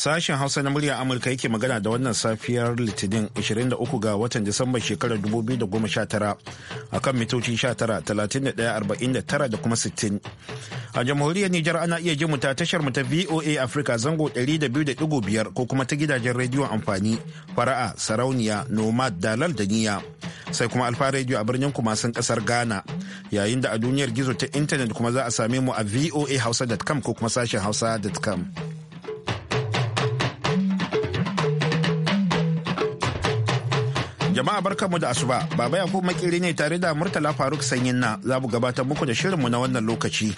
Sashen Hausa na murya Amurka yake magana da wannan safiyar Litinin 23 ga watan Disambar shekarar 2019 akan mitoci 19,31,49 da kuma 60. A jamhuriyar Nijar ana iya jin ta tashar mu ta VOA Africa zango 200.5 ko kuma ta gidajen rediyon amfani fara'a sarauniya nomad dalal da niya sai kuma alfa rediyo a birnin kumasin kasar Ghana yayin da a duniyar gizo ta intanet kuma za a same mu a voahausa.com ko kuma sashen hausa.com. Jama'a mu da asuba, Baba Yakubu makeri ne tare da Murtala Faruk Sanyin na za mu gabatar muku da shirinmu na wannan lokaci.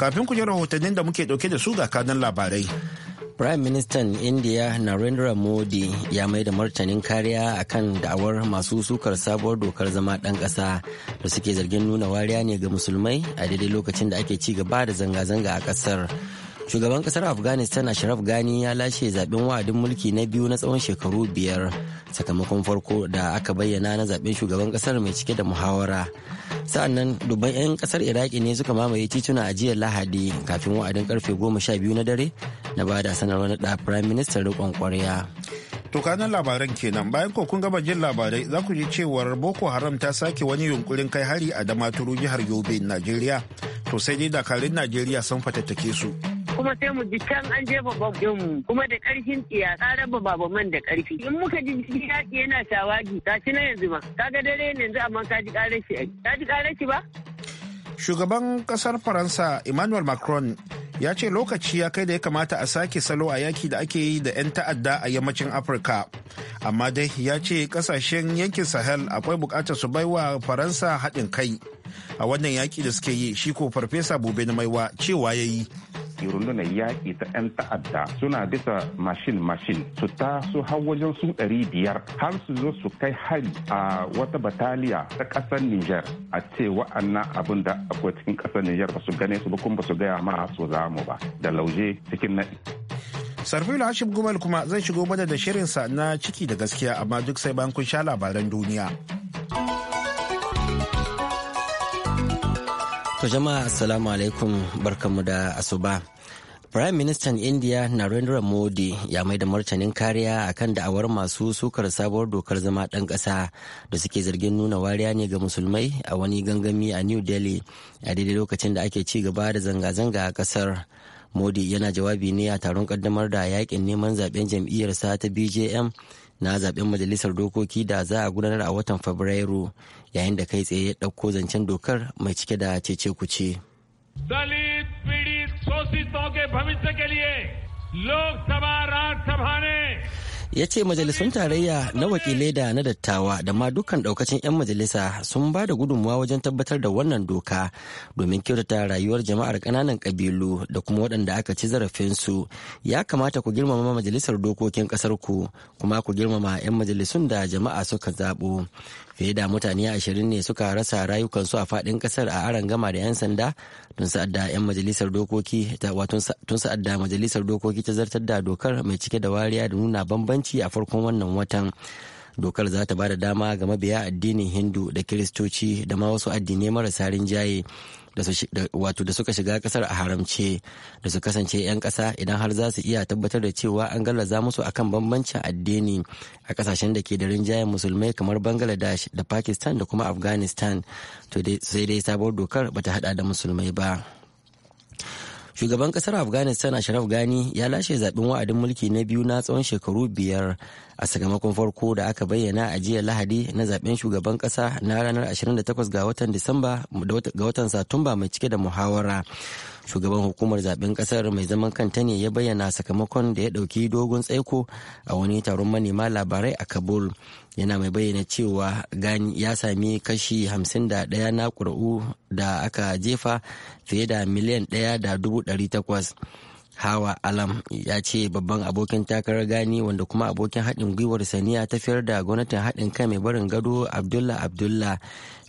Kafin ku ji rahotannin da muke dauke da su ga kanan labarai. Prime Minister India Narendra Modi ya mai da martanin kariya akan da'awar masu sukar sabuwar dokar zama ɗan ƙasa da suke zargin nuna wariya ne ga musulmai a daidai lokacin da ake ci gaba da zanga-zanga a ƙasar. shugaban kasar afghanistan ashraf gani ya lashe zaben wa'adin mulki na biyu na tsawon shekaru biyar sakamakon farko da aka bayyana na zaben shugaban kasar mai cike da muhawara nan dubban 'yan kasar iraki ne suka mamaye tituna a jiya lahadi kafin wa'adin karfe goma sha biyu na dare na bada sanarwar naɗa prime minister riƙon kwarya to kanan labaran kenan bayan ko kun gaba jin labarai za ku ji cewar boko haram ta sake wani yunkurin kai hari a damaturu jihar yobe najeriya to sai dai dakarun najeriya sun fatattake su kuma sai mu ji can an jefa bab mu kuma da karfin tsiya ta raba baba man da karfi in muka ji yaƙi yana shawagi ga shi na yanzu ma kaga dare yanzu amma ka ji ƙarar shi ai ka ji ƙarar ba shugaban kasar faransa emmanuel macron ya ce lokaci ya kai da ya kamata a sake salo a yaki da ake yi da 'yan ta'adda a yammacin afirka amma dai ya ce kasashen yankin sahel akwai bukatar su baiwa faransa haɗin kai a wannan yaki da suke yi shi ko farfesa gobe na maiwa cewa ya yi rundunar yaƙi ta 'yan ta'adda suna bisa mashin-mashin su ta su har wajen su 500 har su zo su kai hari a wata bataliya ta ƙasar niger a ce wa'annan abin da akwai cikin ƙasar niger ba su gane su ba kuma ba su gaya ma su za mu ba da lauje cikin naɗi. Sarfilu Hashim Gumal kuma zai shigo mana da shirinsa na ciki da gaskiya amma duk sai bayan kun sha labaran duniya. To jama'a assalamu alaikum barkanmu da asuba. Prime Minister India Narendra Modi ya mai da martanin kariya akan da'awar masu sukar sabuwar dokar zama ɗan ƙasa da suke zargin nuna wariya ne ga musulmai a wani gangami a New Delhi a daidai lokacin da ake ci gaba da zanga-zanga a ƙasar. Modi yana jawabi ne a taron ƙaddamar da yakin neman zaben jam'iyyarsa ta BJM na zaben majalisar dokoki da za a gudanar a watan fabrairu yayin da kai tsaye ya ɗauko zancen dokar mai cike da cece kuce. दलित पीड़ित शोषितों के भविष्य के लिए लोकसभा राज्यसभा ने ya ce majalisun tarayya na wakilai da na dattawa da ma dukkan daukacin 'yan majalisa sun ba da gudunmuwa wajen tabbatar da wannan doka domin kyautata rayuwar jama'ar ƙananan kabilu da kuma waɗanda aka ci zarafinsu ya kamata ku girmama majalisar dokokin ƙasar ku kuma ku girmama 'yan majalisun da jama'a suka zaɓo fiye da mutane ashirin ne suka rasa rayukansu a faɗin kasar a aran gama da 'yan sanda tun sa'adda 'yan majalisar dokoki tun sa'adda majalisar dokoki ta zartar da dokar mai cike da wariya da nuna bambanci a farkon wannan watan dokar za ta ba da dama ga mabiya addinin hindu da kiristoci da ma wasu addinai marasa rinjaye wato da suka shiga kasar a haramce da su kasance 'yan kasa idan har za su iya tabbatar da cewa an gallaza musu akan bambancin addini a kasashen da ke da rinjayen musulmai kamar bangladesh da pakistan da kuma afghanistan to sai dai sabuwar dokar ba ta hada da musulmai ba shugaban kasar afghanistan ashraf gani ya lashe zaben wa'adin mulki na biyu na tsawon shekaru biyar a sakamakon farko da aka bayyana a jiya lahadi na zaben shugaban kasa na ranar 28 ga watan disamba ga watan satumba mai cike da muhawara shugaban hukumar zaben kasar mai zaman kanta ne ya bayyana sakamakon da ya dauki dogon tsaiko a wani taron manema labarai a kabul yana mai bayyana cewa gani ya sami kashi 51 na ƙuri'u da aka jefa fiye da miliyan 1.800 hawa alam ya ce babban abokin takarar gani wanda kuma abokin haɗin gwiwar saniya fiyar da gwamnatin haɗin kai mai barin gado abdullah abdullah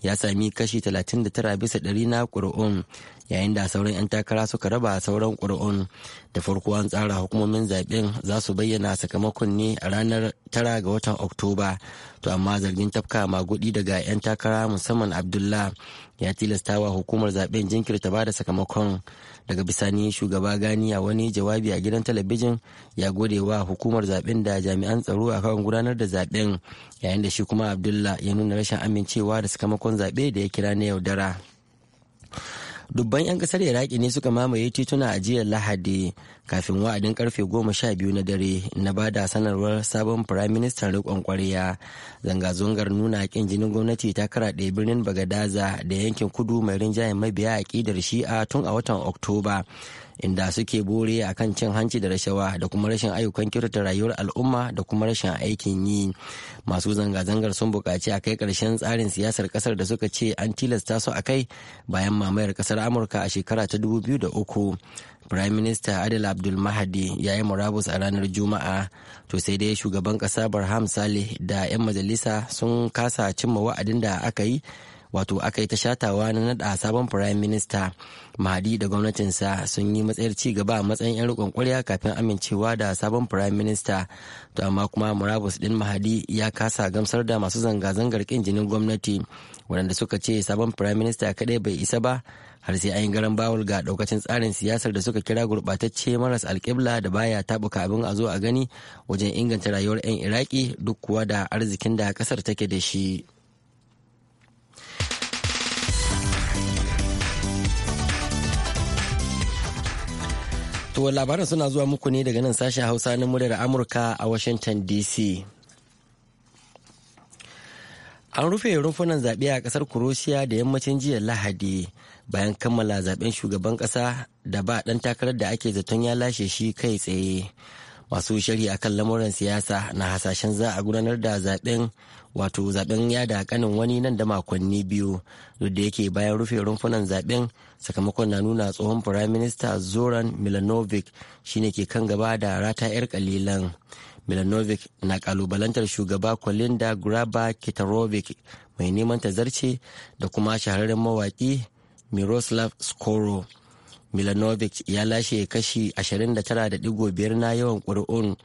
ya sami kashi 39 bisa 100 na ƙuri'un yayin da sauran 'yan takara suka raba sauran ƙuri'un da farko an tsara hukumomin zaɓen za su bayyana sakamakon ne a ranar tara ga watan oktoba to amma zargin tafka magudi daga 'yan takara musamman abdullah ya tilasta wa hukumar zaben jinkirta ba da sakamakon daga bisani shugaba gani a wani jawabi a gidan talabijin ya gode wa hukumar zaben da jami'an tsaro a kan gudanar da zaɓen yayin da shi kuma abdullah ya nuna rashin amincewa da sakamakon zaɓe da ya kira na yaudara dubban 'yan kasar iraki ne suka mamaye tituna a jiya lahadi kafin wa'adin karfe goma sha biyu na dare na ba da sanarwar sabon firaministan rikon kwarya zanga-zangar nuna kin jinin gwamnati ta karaɗe birnin bagadaza da yankin kudu mai rinjayen mabiya a ƙidar shi'a tun a watan oktoba inda suke bore a kan cin hanci da rashawa da kuma rashin ayyukan kyautata rayuwar al'umma da kuma rashin aikin yi masu zanga-zangar sun buƙaci a kai ƙarshen tsarin siyasar ƙasar da suka ce an tilasta su a kai bayan mamayar ƙasar amurka a shekara ta 2003 Prime Minister Adil Abdul Mahdi ya yi murabus a ranar Juma'a to sai dai shugaban ƙasa Barham Saleh da 'yan majalisa sun kasa cimma wa'adin da aka yi wato aka yi ta shatawa na nada sabon firayim minista mahadi da gwamnatinsa sun yi matsayar ci gaba a matsayin 'yan rikon kwarya kafin amincewa da sabon firayim minista to amma kuma murabus din mahadi ya kasa gamsar da masu zanga-zangar kin jinin gwamnati waɗanda suka ce sabon firayim minista kadai bai isa ba har sai an garan bawul ga daukacin tsarin siyasar da suka kira gurɓatacce maras alƙibla da baya taɓuka abin a zo a gani wajen inganta rayuwar 'yan iraki duk kuwa da arzikin da ƙasar take da shi. To labaran suna zuwa muku ne daga nan sashen Hausa na muryar Amurka a Washington DC. An rufe rumfunan zaɓe a ƙasar Kuroshiya da yammacin jiya Lahadi bayan kammala zaɓen shugaban ƙasa da ba ɗan takarar da ake zaton ya lashe shi kai tsaye. masu shari kan lamuran siyasa na hasashen za a gudanar da zaben wato zaben yada kanin wani nan da makonni biyu duk da yake bayan rufe rumfunan zaben sakamakon na nuna tsohon prime minister zoran milanovic shine ke kan gaba da rata 'yar kalilan milanovic na kalubalantar shugaba kolinda graba kitarovic mai neman tazarce da kuma shahararren mawaki miroslav skoro milanovic ya lashe kashi 29.5 na yawan ƙuri'un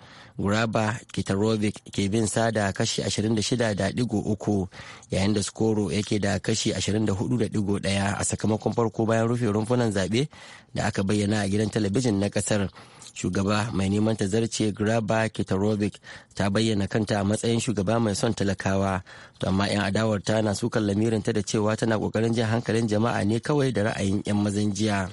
graba kitarovic ke bin sa da kashi 26.3 yayin da skoro yake da kashi 24.1 a sakamakon farko bayan rufe rumfunan zaɓe da aka bayyana a gidan talabijin na ƙasar shugaba mai neman ta zarce graba kitarovic ta bayyana kanta a matsayin shugaba mai son talakawa to amma 'yan adawarta ta na sukan lamirinta da cewa tana kokarin jin hankalin jama'a ne kawai da ra'ayin 'yan mazan jiya.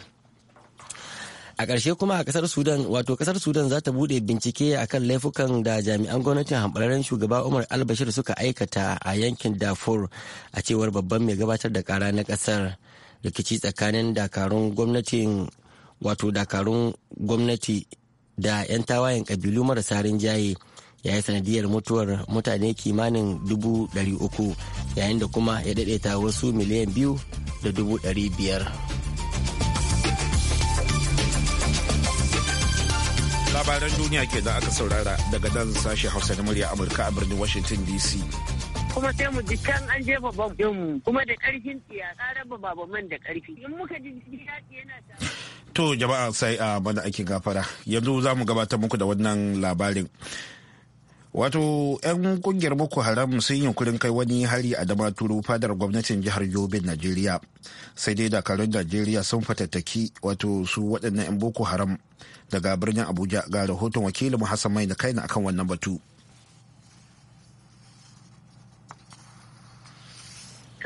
a ƙarshe kuma a ƙasar sudan wato ƙasar sudan za ta buɗe bincike akan laifukan da jami'an gwamnatin hamɓararren shugaba umar albashir suka aikata a yankin darfur a cewar babban mai gabatar da ƙara na ƙasar rikici tsakanin dakarun gwamnatin wato dakarun gwamnati da 'yan tawayen ƙabilu marasa rinjaye ya yi sanadiyar mutuwar mutane kimanin dubu yayin da kuma ya daidaita wasu miliyan biyu da dubu labaran duniya ke da aka saurara daga nan sashen hausa na murya amurka a birnin washington dc kuma sai mu ji can an jefa mu kuma da karfin tsiya tsarar ba man da karfi in muka ji yana to jama'a sai a ah, mana ake gafara yanzu za mu gabatar muku da wannan labarin wato 'yan kungiyar boko haram sun yi yunkurin kai wani hari a damaturu fadar gwamnatin jihar Yobe, najeriya sai dai dakarun najeriya sun fatattaki wato su waɗannan 'yan boko haram daga birnin abuja ga rahoton wakilin hassan mai na kaina akan wannan batu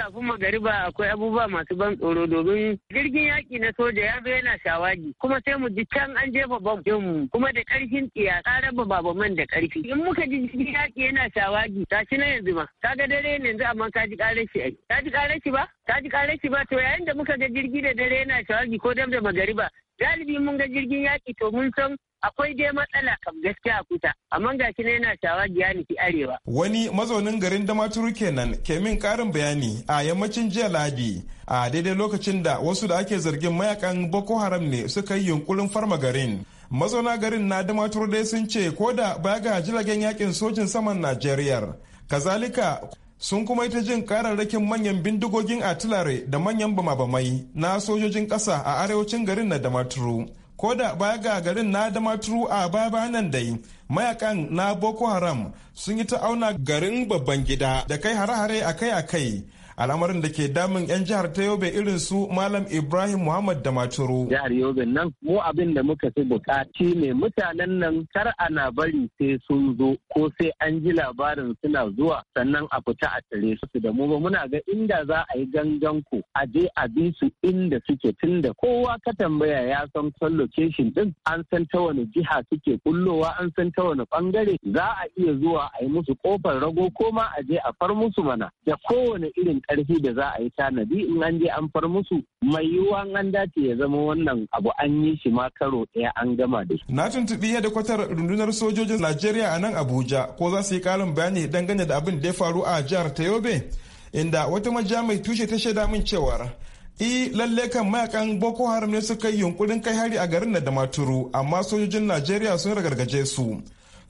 kafin magariba akwai abubuwa masu ban tsoro domin jirgin yaki na soja ya zo yana shawagi kuma sai mu ji can an jefa bom din mu kuma da karfin tsiya ka raba baba man da karfi in muka ji jirgin yaki yana shawagi tashi na yanzu ma ga dare ne yanzu amma ka ji karar shi ai ka ji karar shi ba ka ji karar shi ba to yayin da muka ga jirgi da dare yana shawagi ko dam da magariba galibi mun ga jirgin yaki to mun san akwai dai matsala kam gaskiya a kuta amma ga shi ne yana shawa ki arewa. Wani mazaunin garin Damaturu kenan ke min karin bayani a yammacin jiya Ladi a daidai lokacin da wasu da ake zargin mayakan Boko Haram ne suka yi yunkurin farma garin. Mazauna garin na Damaturu dai sun ce ko da baya ga jiragen yakin sojin saman Najeriya. Kazalika sun kuma ita jin kararrakin manyan bindigogin atilare da manyan bama-bamai na sojojin ƙasa a arewacin garin na Damaturu. ko da baya ga garin na maturu a baba nan dai mayakan na boko haram sun yi ta auna garin babban gida da kai hare-hare akai-akai al'amarin da ke damun 'yan jihar ta yobe irin su malam ibrahim muhammad da maturu jihar yobe nan mu abin da muka fi bukaci ne mutanen nan kar ana bari sai sun zo ko sai an ji labarin suna zuwa sannan a fita a tare su da mu ba muna ga inda za a yi gangan ku a je a bi su inda suke tunda kowa ka tambaya ya san san location din an san ta wani jiha suke kullowa an san ta wani bangare za a iya zuwa a yi musu kofar rago ko ma a je a far musu mana da kowane irin karfi da za a yi tanadi in an je an far musu mai yiwuwa an dace ya zama wannan abu an yi shi ma karo ɗaya an gama da shi. Na tuntuɓi yadda kwatar rundunar sojojin Najeriya a nan Abuja ko za su yi ƙarin bayani dangane da abin da ya faru a jihar ta Yobe inda wata maja mai tushe ta shaida min cewa I lalle kan mayakan Boko Haram ne suka yi yunkurin kai hari a garin da maturu amma sojojin Najeriya sun ragargaje su.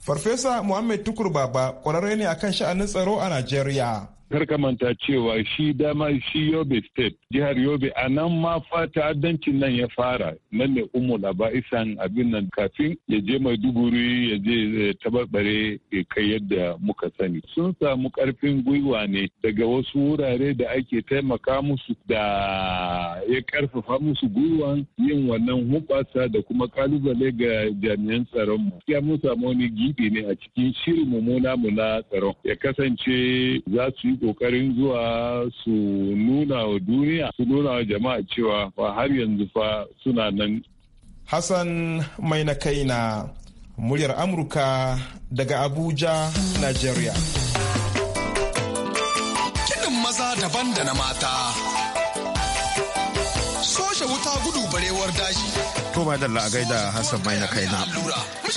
Farfesa Muhammad Tukur Baba kwararre ne akan sha'anin tsaro a Najeriya. karkamanta cewa shi dama shi yobe state jihar yobe a nan ma fa ta'addancin nan ya fara nan ne umu isan abin nan kafin ya je maiduguri ya je eh, tabarbare kai yadda muka sani sun samu karfin gwiwa ne daga wasu wurare da ake taimaka musu da ya karfafa musu gwiwa, yin wannan hubasa da kuma kalubale ga jami'an tsaron mu ya mu samu wani gibi ne a cikin shirin mu na tsaron ya kasance za su yi kokarin zuwa su nuna wa duniya su nuna wa jama'a cewa fa har yanzu fa suna nan hassan mai na kaina muryar amurka daga abuja nigeria kiɗin maza daban da na mata wuta gudu barewar daji. To ba dalla a Hassan mai na kaina.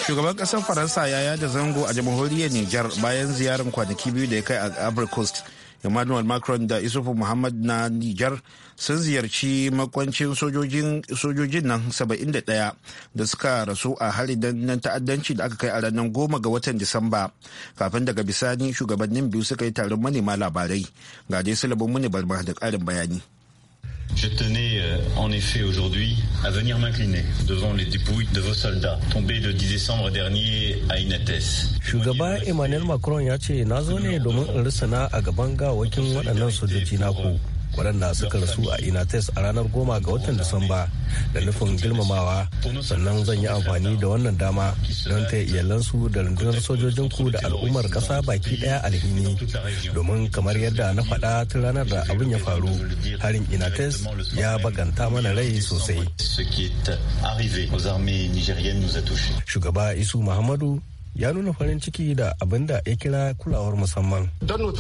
Shugaban kasar Faransa ya yada zango a jamhuriyar Nijar bayan ziyarar kwanaki biyu da ya kai a Ivory Coast. Emmanuel Macron da Isufu Muhammad na Nijar sun ziyarci makwancin sojojin nan 71 da suka rasu a hari nan ta'addanci da aka kai a ranar goma ga watan Disamba. Kafin daga bisani shugabannin biyu suka yi taron manema labarai. Ga dai labar Muni Barma da ƙarin bayani. Je tenais euh, en effet aujourd'hui à venir m'incliner devant les dépouilles de vos soldats tombés le 10 décembre dernier à Inates. waɗanda suka rasu a inates a ranar goma ga watan disamba da nufin girmamawa sannan zan yi amfani da wannan dama don ta iyalansu da rundunar sojojin ku da al'ummar ƙasa baki ɗaya alhini domin kamar yadda na faɗa tun ranar da abin ya faru harin inates ya baganta mana rai sosai shugaba isu muhammadu ya nuna farin ciki da abin da ya kira kulawar musamman. Euh,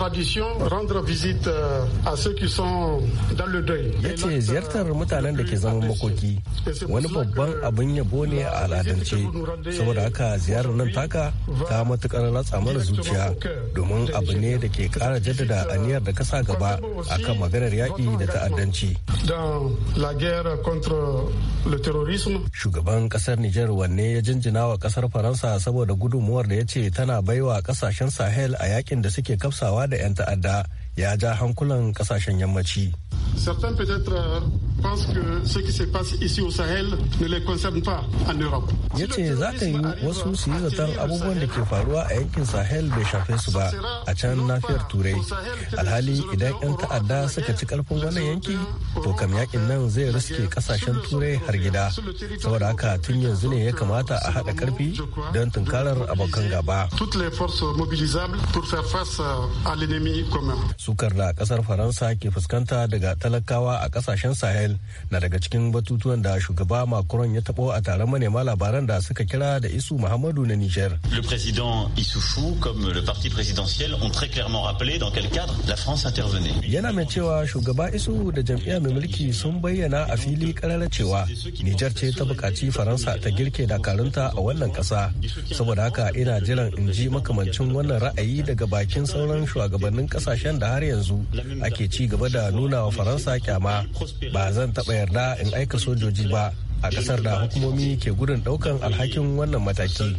ya ce ziyartar mutanen da ke zaman makoki wani babban abin yabo ne a al'adance. Saboda haka ziyarar nan taka ta matukar latsa mana zuciya domin abu ne da ke kara jaddada aniyar da kasa gaba a akan maganar yaƙi da ta'addanci. Shugaban kasar Nijar wanne ya jinjina wa kasar Faransa saboda gudun gudunmuwar da ya ce tana baiwa kasashen sahel a yakin da suke kafsawa da 'yan ta'adda ya ja hankulan kasashen yammaci. pense que ce qui se passe ici au Sahel ne les concerne pas en Europe. Ya ce za yi wasu su yi zaton abubuwan da ke faruwa a yankin Sahel bai shafe su ba a can nafiyar Turai. Alhali idan 'yan ta'adda suka ci karfin wannan yanki to kam yakin nan zai riske kasashen Turai har gida. Saboda haka tun yanzu ne ya kamata a haɗa karfi don tunkarar abokan gaba. Sukar da kasar Faransa ke fuskanta daga talakawa a kasashen Sahel na daga cikin batutuwan da shugaba macron ya tabo a taron manema labaran da suka kira da isu muhammadu na niger le président issoufou comme le parti présidentiel ont très clairement rappelé dans quel cadre la france intervenait yana mai cewa shugaba isu da jam'iyyar mai mulki sun bayyana a fili karara cewa niger ce ta bukaci faransa ta girke dakarunta a wannan kasa saboda haka ina jiran in ji makamancin wannan ra'ayi daga bakin sauran shugabannin kasashen da har yanzu ake ci gaba da nuna wa faransa kyama ba zan taɓa yarda in aika sojoji ba a kasar da hukumomi ke gudun daukan alhakin wannan mataki.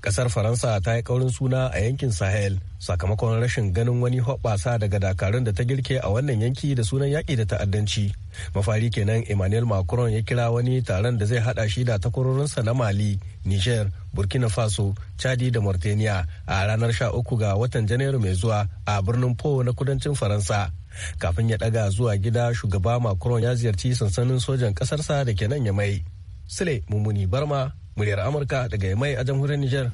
Kasar Faransa ta yi kaurin suna a yankin Sahel sakamakon rashin ganin wani hoɓasa daga dakarun da ta girke a wannan yanki da sunan yaƙi da ta'addanci. Mafari kenan Emmanuel Macron ya kira wani taron da zai haɗa shi da takwarorinsa na Mali, Niger, Burkina Faso, Chadi da Mauritania a ranar 13 ga watan Janairu mai zuwa a birnin Po na kudancin Faransa. kafin ya daga zuwa gida shugaba macron ya ziyarci sansanin sojan kasarsa da ke nan ya mai sule mummuni barma muryar amurka daga ya mai a jamhuriyar niger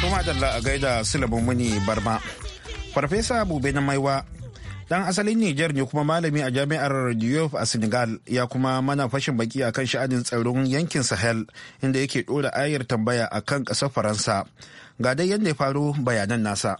Kuma da a gaida Sule muni Barma. Farfesa Bube na Maiwa dan asalin niger ne kuma malami a jami'ar Diouf a Senegal ya kuma mana fashin baki akan sha'anin tsaron yankin Sahel inda yake dora ayar tambaya akan ƙasa Faransa. Ga dai yadda ya faru bayanan nasa.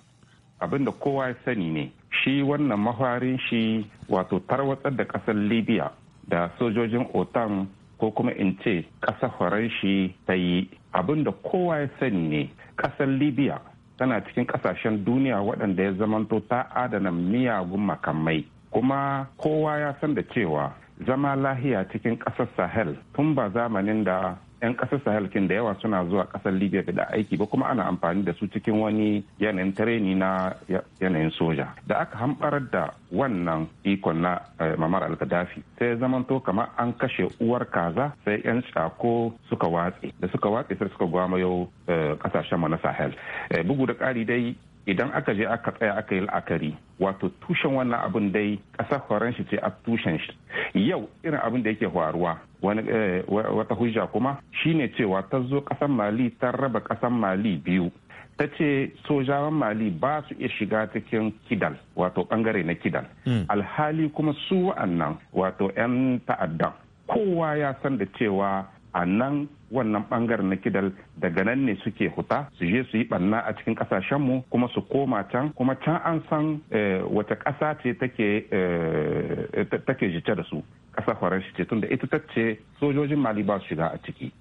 Abin da kowa ya sani ne, shi wannan mafarin shi wato tarwatsar da ƙasar Libya da sojojin OTAN ko kuma in ce ƙasa Faranshi ta yi abin da kowa ya sani ne, ƙasar Libya tana cikin kasashen duniya waɗanda ya zamanto ta adana miyagun makamai kuma kowa ya san da cewa zama lahiya cikin ƙasar sahel tun ba zamanin da 'yan ƙasar sahel kin da yawa suna zuwa ƙasar libya da aiki ba kuma ana amfani da su cikin wani yanayin tareni na yanayin soja da aka hambarar da wannan ikon na eh, mamar al-gaddafi sai zamanto kamar an kashe uwar kaza sai 'yan shako suka watse da suka watse sai suka gwamayo eh, ƙasashen mu na sahel eh, bugu da ƙari dai idan aka je aka tsaya aka yi la'akari wato tushen wannan abin dai ƙasar horon shi ce a tushen shi yau irin abin da yake faruwa eh, wata hujja kuma shine cewa ta zo ƙasar mali ta raba ƙasar mali biyu ta ce sojawan mali ba su iya shiga cikin kidal wato ɓangare na kidal hmm. alhali kuma su wa'annan wato 'yan ta'adda kowa ya san da cewa a nan wannan bangaren na kidal daga nan ne suke huta su je su yi banna a cikin kasashenmu kuma su koma can kuma can an san eh, wata ƙasa ce take eh, jice da su ƙasa faransa ce tunda ita ta ce sojojin mali ba su shiga a ciki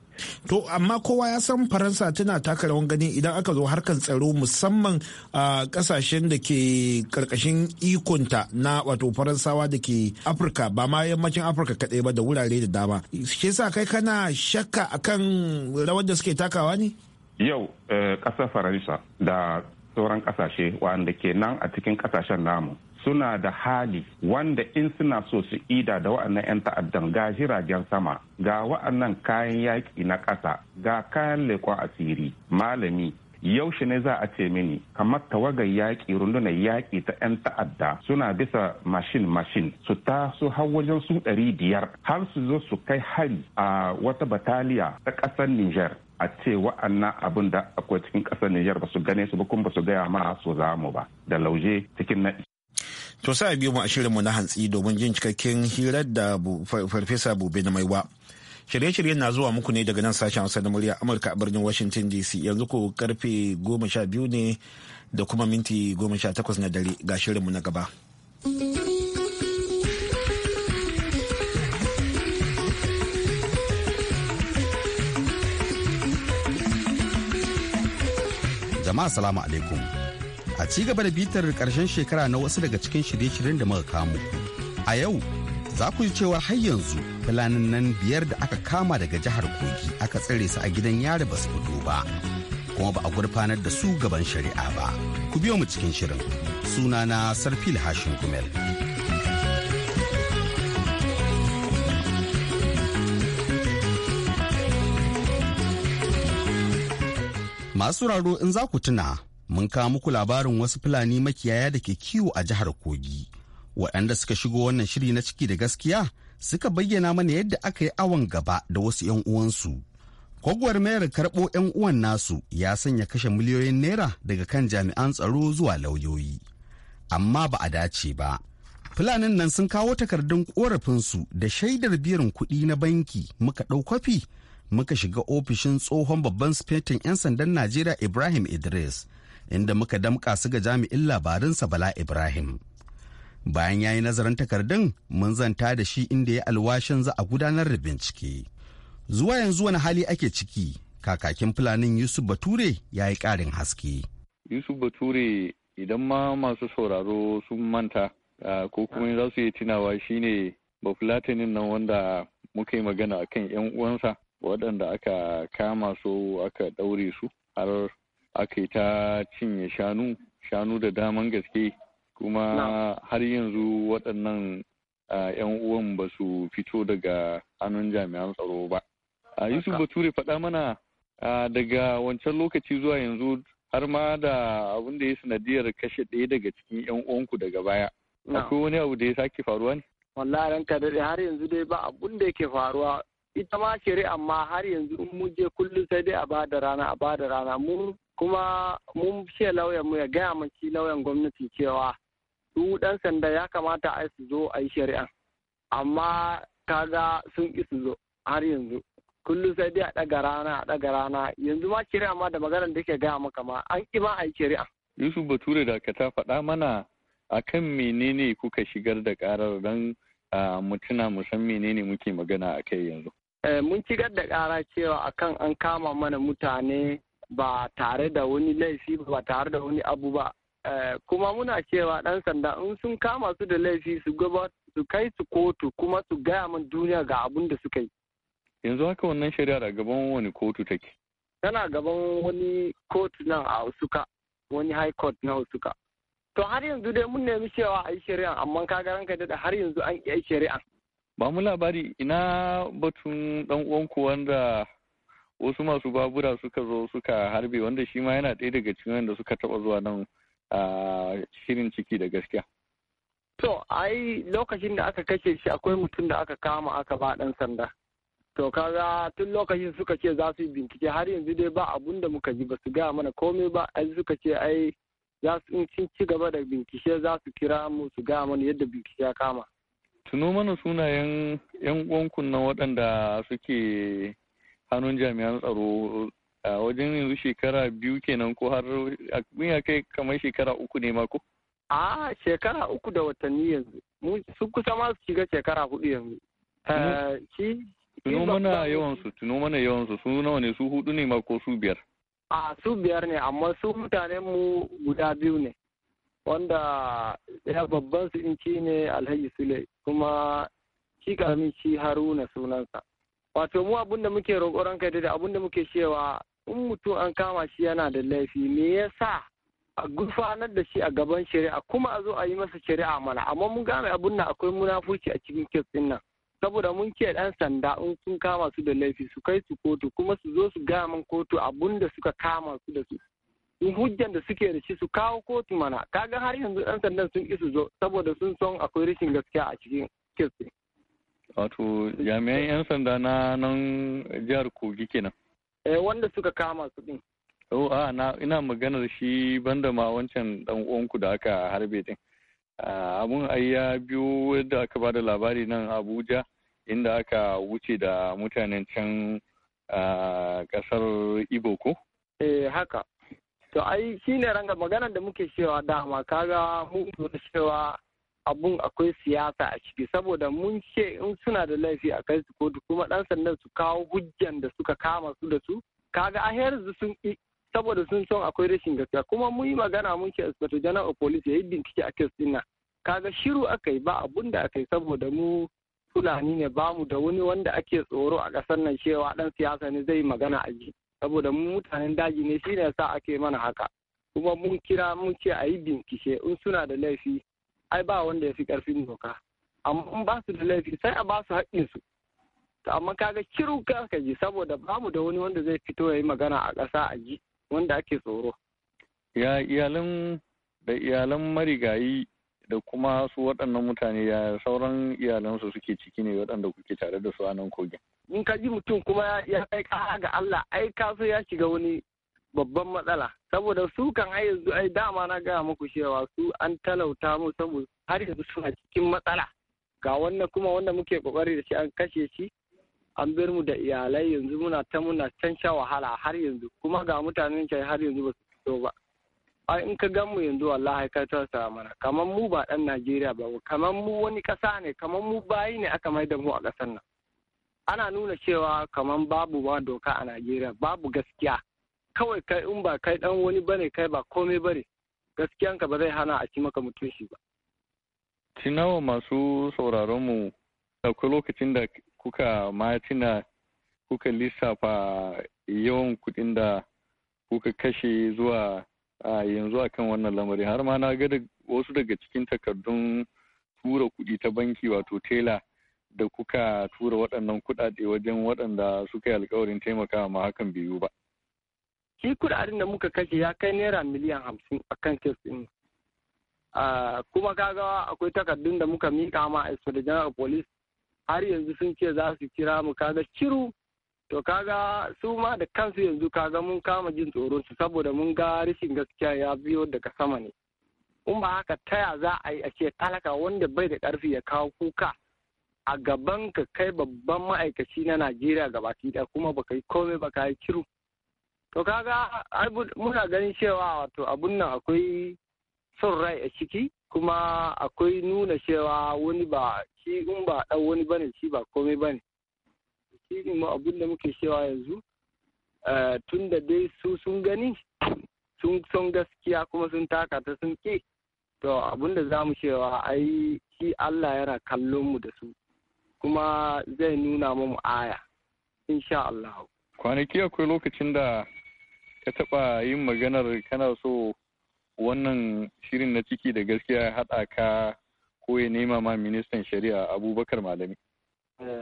To amma kowa ya san Faransa tana taka rawan gani idan aka zo harkar tsaro musamman a kasashen da ke karkashin ikonta na wato Faransawa da ke Afirka ba ma yammacin Afirka kaɗai ba da wurare da dama. Shi sa kai kana shakka akan rawar da suke takawa ne? Yau eh, ƙasar Faransa da sauran ƙasashe wanda ke nan a cikin ƙasashen namu suna da hali wanda in suna so su ida da wa'annan 'yan ta'addan ga jiragen sama ga wa'annan kayan yaƙi na ƙasa ga kayan leƙon asiri malami yaushe ne za a ce mini kamar tawagar yaƙi rundunar yaƙi ta 'yan ta'adda suna bisa mashin mashin su ta su har wajen su ɗari biyar har su zo su kai hari a wata bataliya ta ƙasar Niger a ce wa'annan abin da akwai cikin ƙasar Niger ba su gane su ba kuma ba su gaya ma su zamu ba da lauje cikin na To sai biyu mu a shirinmu na hantsi domin jin cikakken hirar da Farfesa Bube na Maiwa. Shirye-shiryen na zuwa muku ne daga nan sashen Hausa da murya Amurka a birnin Washington DC yanzu ko karfe goma sha biyu ne da kuma minti goma sha takwas na dare ga shirinmu na gaba. Jama'a salamu alaikum. a ci gaba da bitar karshen shekara na wasu daga cikin shirye-shiryen da muka kamo. A yau za ku ji cewa har yanzu filanin nan biyar da aka kama daga jihar Kogi aka tsare su a gidan yari ba su fito ba. Kuma ba a gurfanar da su gaban shari'a ba. Ku biyo mu cikin shirin. suna na Sarfil Hashin Kumel. Masu raro in za ku tuna mun kawo muku labarin wasu fulani makiyaya da ke kiwo a jihar kogi waɗanda suka shigo wannan shiri na ciki da gaskiya suka bayyana mana yadda aka yi awon gaba da wasu 'yan uwansu Kogwar mayar karɓo 'yan uwan nasu ya sanya kashe miliyoyin naira daga kan jami'an tsaro zuwa lauyoyi amma ba a dace ba fulanin nan sun kawo takardun korafinsu da shaidar biyan kuɗi na banki muka ɗau kwafi muka shiga ofishin tsohon babban sufetin 'yan sandan najeriya ibrahim idris inda muka damƙa su ga jami'in labarinsa Bala Ibrahim. Bayan ya yi nazarin takardun mun zanta da shi inda ya alwashin za a gudanar da bincike. Zuwa yanzu wani hali ake ciki, kakakin fulanin Yusuf Bature ya yi ƙarin haske. Yusuf Bature idan ma masu sauraro sun manta ko kuma za su yi tunawa shine bafulatinin nan wanda muka yi magana akan 'yan uwansa waɗanda aka kama su aka ɗaure su har aka yi ta cinye shanu shanu da daman gaske kuma har yanzu waɗannan 'yan uwan ba su fito daga hannun jami'an tsaro ba yusuf bature faɗa mana daga wancan lokaci zuwa yanzu har ma da abin da ya sanadiyar kashe ɗaya daga cikin 'yan uwanku daga baya akwai wani abu da ya sake faruwa ne wallahi ranka daɗe har yanzu dai ba abun da yake faruwa ita ma shari'a amma har yanzu mun je kullum sai dai a bada rana a bada rana mu kuma mun ce lauyan mu ya gaya mun shi lauyan gwamnati cewa su dan sanda ya kamata a su zo a yi shari'a amma kaga sun ki su zo har yanzu kullum sai dai a daga rana a daga rana yanzu ma shari'a ma da maganar da ke gaya maka ma an ki ma a yi shari'a yusuf bature da ka ta faɗa mana akan menene kuka shigar da karar don mutuna san menene muke magana a kai yanzu eh, mun shigar da kara cewa akan an kama mana mutane ba tare da wani laifi ba tare da wani abu ba eh, kuma muna cewa ɗan sanda in sun kama su da laifi su su kai su kotu kuma su gaya min duniya ga abun da suka yi yanzu haka wannan shari'a da gaban wani kotu take tana gaban wani kotu nan a usuka wani high court na usuka to har yanzu dai mun nemi cewa a yi shari'a amma ka ga ranka da har yanzu an yi shari'a ba mu labari ina batun dan uwanku wanda wasu masu babura suka zo suka harbe wanda shi ma yana ɗaya daga cikin wanda suka taɓa zuwa nan a shirin ciki da gaskiya. To, ai lokacin da aka kashe shi akwai mutum da aka kama aka ba ɗan sanda. To, kaga tun lokacin suka ce za su yi bincike har yanzu dai ba abun da muka ji ba su gaya mana komai ba, ai suka ce ai za su in ci gaba da bincike za su kira mu su gaya mana yadda bincike ya kama. Tuno mana sunayen 'yan uwan kunnan waɗanda suke hannun jami'an tsaro a wajen yanzu shekara biyu kenan ko har ya kai kamar shekara uku ne ma ko? A shekara uku da watanni yanzu. Su kusa ma su shiga shekara hudu yanzu. Tuno eh, mana yawansu, tuno mana yawansu, su nawa ne su hudu ne ma ko su biyar? A su biyar ne, amma su mutanen mu guda biyu ne. Wanda ya babban su in ci ne Alhaji Sule, kuma shi karamin shi Haruna sunansa. wato mu abin da muke roƙon ranka da abin da muke cewa in mutum an kama shi yana da laifi me yasa a gurfanar da shi a gaban shari'a kuma a zo a yi masa shari'a mana amma mun gane abin nan akwai munafurci a cikin kes din nan saboda mun ce dan sanda in sun kama su da laifi su kai su kotu kuma su zo su gaya min kotu abun da suka kama su da su in hujjan da suke da shi su kawo kotu mana kaga har yanzu dan sandan sun isu zo saboda sun son akwai rashin gaskiya a cikin kes din Wato jami'an 'yan sanda na nan jihar Kogi kenan. Eh wanda suka kama su din. Oh, a ah, na ina maganar shi banda ma wancan dan uwanku da aka harbe din. Ah, abun ai ya biyo da aka ba da labari nan Abuja inda aka wuce da mutanen can ah, kasar Ibo ko? Eh haka. To ai shine ranga maganar da muke cewa dama kaga mu cewa abun akwai siyasa a ciki saboda mun ce in suna da laifi a kai su kotu kuma dan sandan su kawo hujjan da suka kama su da su kaga a yanzu sun saboda sun son akwai rashin gaskiya kuma mun yi magana mun ce inspector general of police yayi bincike a case din nan kaga shiru aka yi ba abun da aka yi saboda mu fulani ne ba mu da wani wanda ake tsoro a kasar nan cewa dan siyasa ne zai magana a ji saboda mu mutanen daji ne shine yasa ake mana haka kuma mun kira mun ce a yi bincike in suna da laifi ai ba wanda ya fi karfin doka amma in ba su da laifi sai a ba su haƙƙinsu to amma kaga kiru ka ji saboda ba da wani wanda zai fito ya yi magana a ƙasa a ji wanda ake tsoro ya iyalan da iyalan marigayi da kuma su waɗannan mutane ya sauran iyalansu suke ciki ne waɗanda kuke tare da su a nan kogin in ka ji mutum kuma ya kai ƙara ga Allah ai ka so ya shiga wani babban matsala saboda su kan ai yanzu ai dama na gaya muku cewa su an talauta mu saboda har yanzu suna cikin matsala ga wannan kuma wanda muke kokari da shi an kashe shi an bar mu da iyalai yanzu muna ta muna can sha wahala har yanzu kuma ga mutanen can har yanzu ba su fito ba ai in ka gan mu yanzu wallahi ka tausaya mana kamar mu ba dan Najeriya ba kamar mu wani kasa ne kamar mu bayi ne aka mai da mu a kasar nan ana nuna cewa kamar babu ma doka a Najeriya babu gaskiya kawai kai in ba kai dan wani bane kai ba komai bane gaskiyanka ba zai hana a ci maka mutunci ba tunawa masu sauraron mu akwai lokacin da kuka ma tuna kuka lissafa yawan kuɗin da kuka kashe zuwa a yanzu akan wannan lamari har ma na ga wasu daga cikin takardun tura kuɗi ta banki wato tela da kuka tura waɗannan kuɗaɗe wajen waɗanda suka yi alkawarin taimakawa ma hakan biyu ba. shi kudaden da muka kashe ya kai naira miliyan hamsin a kan kes ɗin kuma kaga akwai takardun da muka mika ma a da general police har yanzu sun ce za su kira mu kaga shiru to kaga su ma da kansu yanzu kaga mun kama jin tsoron su saboda mun ga rashin gaskiya ya biyo daga sama ne in ba haka taya za a yi a ce talaka wanda bai da karfi ya kawo kuka a gaban ka kai babban ma'aikaci na najeriya gabaki da kuma baka yi komai baka yi kiru To kaga muna ganin cewa wato abun nan akwai son rai a ciki kuma akwai nuna cewa wani ba shi in ba dan wani bane shi ba komai bane. Shi ne abun da muke cewa yanzu eh, tun da dai su sun gani sun son gaskiya kuma sun taka ta sun ke to abun da za cewa ai shi Allah yana kallon mu da su kuma zai nuna mu aya insha Allah. Kwanaki akwai lokacin da ka taɓa yin maganar kana so wannan shirin na ciki da gaskiya haɗa ka ko ya nema ma ministan shari'a abubakar malami.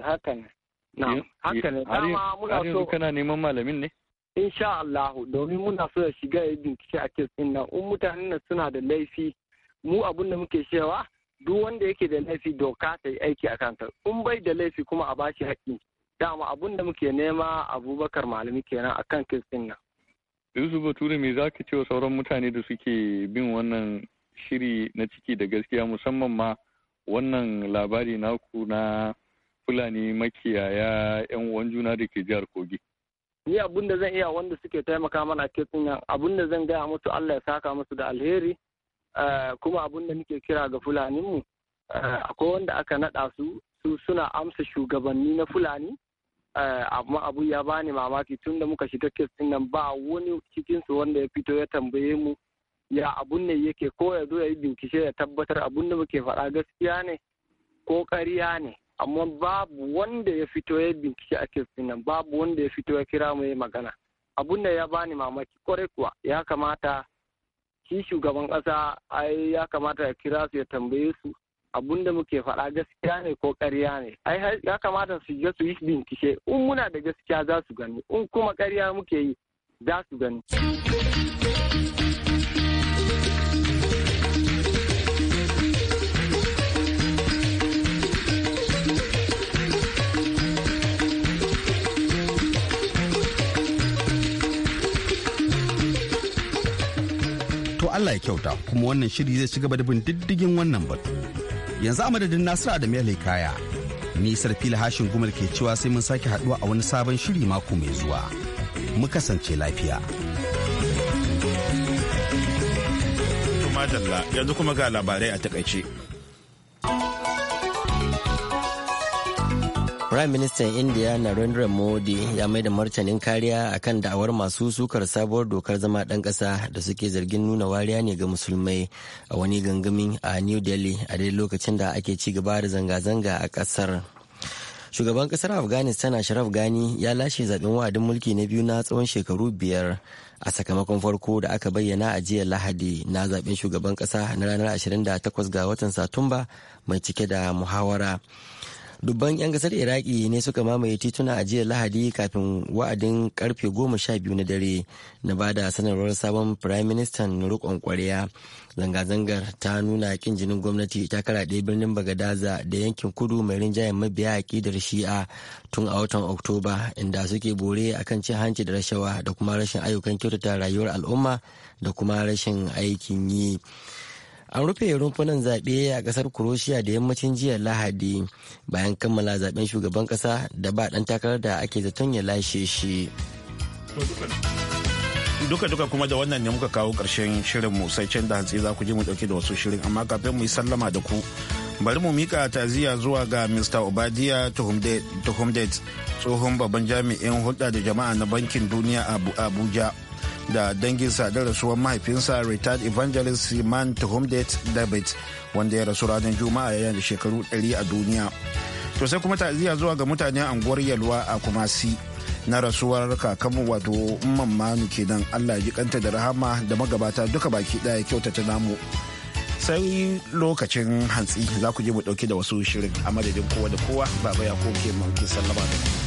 Hakan eh, na hakan ne eh, dama muna kana neman malamin ne? Insha Allah domin muna so da shiga ya bincike a kes ɗin nan in mutanen nan suna da laifi mu abin da muke cewa duk wanda yake da laifi doka ta yi aiki a kanta in bai da laifi kuma a bashi haƙƙi dama abun da muke nema abubakar malami kenan akan kes ɗin nan. Yusuf Bature me zaka ce wa sauran mutane da suke bin wannan shiri na ciki da gaskiya musamman ma wannan labari naku na Fulani makiyaya 'yan uwan juna da ke jihar Kogi. Ni abin da zan iya wanda suke taimaka mana ke sunan abin zan gaya musu Allah ya saka musu da alheri eh, kuma abunda da nake kira ga Fulaninmu eh, akwai wanda aka naɗa su su suna amsa shugabanni na Fulani Eh, amma abu ya bani mamaki tun da muka shiga kes din nan ba wani cikin wanda ya fito ya tambaye mu ya abun ne yake ko ya zo ya yi bincike ya tabbatar abun da muke faɗa gaskiya ne ko ƙarya ne amma babu wanda ya fito ya bincike a kes din nan babu wanda ya fito ya kira mu ya magana abun da ya bani mamaki kwarai kuwa ya kamata shi shugaban ƙasa ai ya kamata ya kira su ya tambaye su abun da muke faɗa gaskiya ne ko ƙarya ne ai ya kamata su je su yi bincike in muna da gaskiya za su gani in kuma ƙarya muke yi za su gani Allah ya kyauta kuma wannan shiri zai ci gaba da bin diddigin wannan batu. yanzu a madadin nasiru adam kaya ni sarfila hashin gumal ke cewa sai mun sake haduwa a wani sabon shiri mako mai zuwa mu kasance lafiya yanzu kuma ga labarai a takaice Prime Minister India Narendra Modi ya mai da martanin kariya akan da'awar masu sukar sabuwar dokar zama ɗan ƙasa da suke zargin nuna wariya ne ga musulmai a wani gangami a New Delhi a dai lokacin da ake ci gaba da zanga-zanga a ƙasar. Shugaban ƙasar Afghanistan Ashraf Ghani ya lashe zaɓen wa'adin mulki na biyu na tsawon shekaru biyar a sakamakon farko da aka bayyana a jiya Lahadi na zaɓen shugaban ƙasa na ranar 28 ga watan Satumba mai cike da muhawara. dubban 'yan gasar iraki ne suka mamaye tituna a jiya lahadi kafin wa'adin karfe goma sha biyu na dare na bada sanarwar sabon prime minister rukon kwarya zanga-zangar ta nuna kin jinin gwamnati ta karaɗe birnin bagadaza da yankin kudu mai rinjayen mabiya a aƙidar shi'a tun a watan oktoba inda suke bore akan cin hanci da rashawa da kuma rashin ayyukan kyautata rayuwar al'umma da kuma rashin aikin yi. an rufe rumfunan zaɓe a ƙasar kuroshiya da yammacin jiya lahadi bayan kammala zaɓen shugaban ƙasa da ba ɗan takarar da ake zaton ya lashe shi duka-duka kuma da wannan ne muka kawo ƙarshen mu sai can da hantsi za ku ji mu ɗauke da wasu shirin amma kafin mu yi sallama da ku bari mu mika taziya zuwa ga mr obadiya tuhumdet tsohon babban jami'in hulɗa da jama'a na bankin duniya a abuja da danginsa da rasuwar mahaifinsa retired evangelist man tuhumdet david wanda ya rasu ranar juma'a yayin da shekaru 100 a duniya to sai kuma ta'aziyya zuwa ga mutanen unguwar yalwa a kumasi na rasuwar kakamu wato umman kenan allah ji kanta da rahama da magabata duka baki daya kyautata namu sai lokacin hantsi za ku je mu dauke da wasu shirin a madadin kowa da kowa baba ya koke mun sallama da ku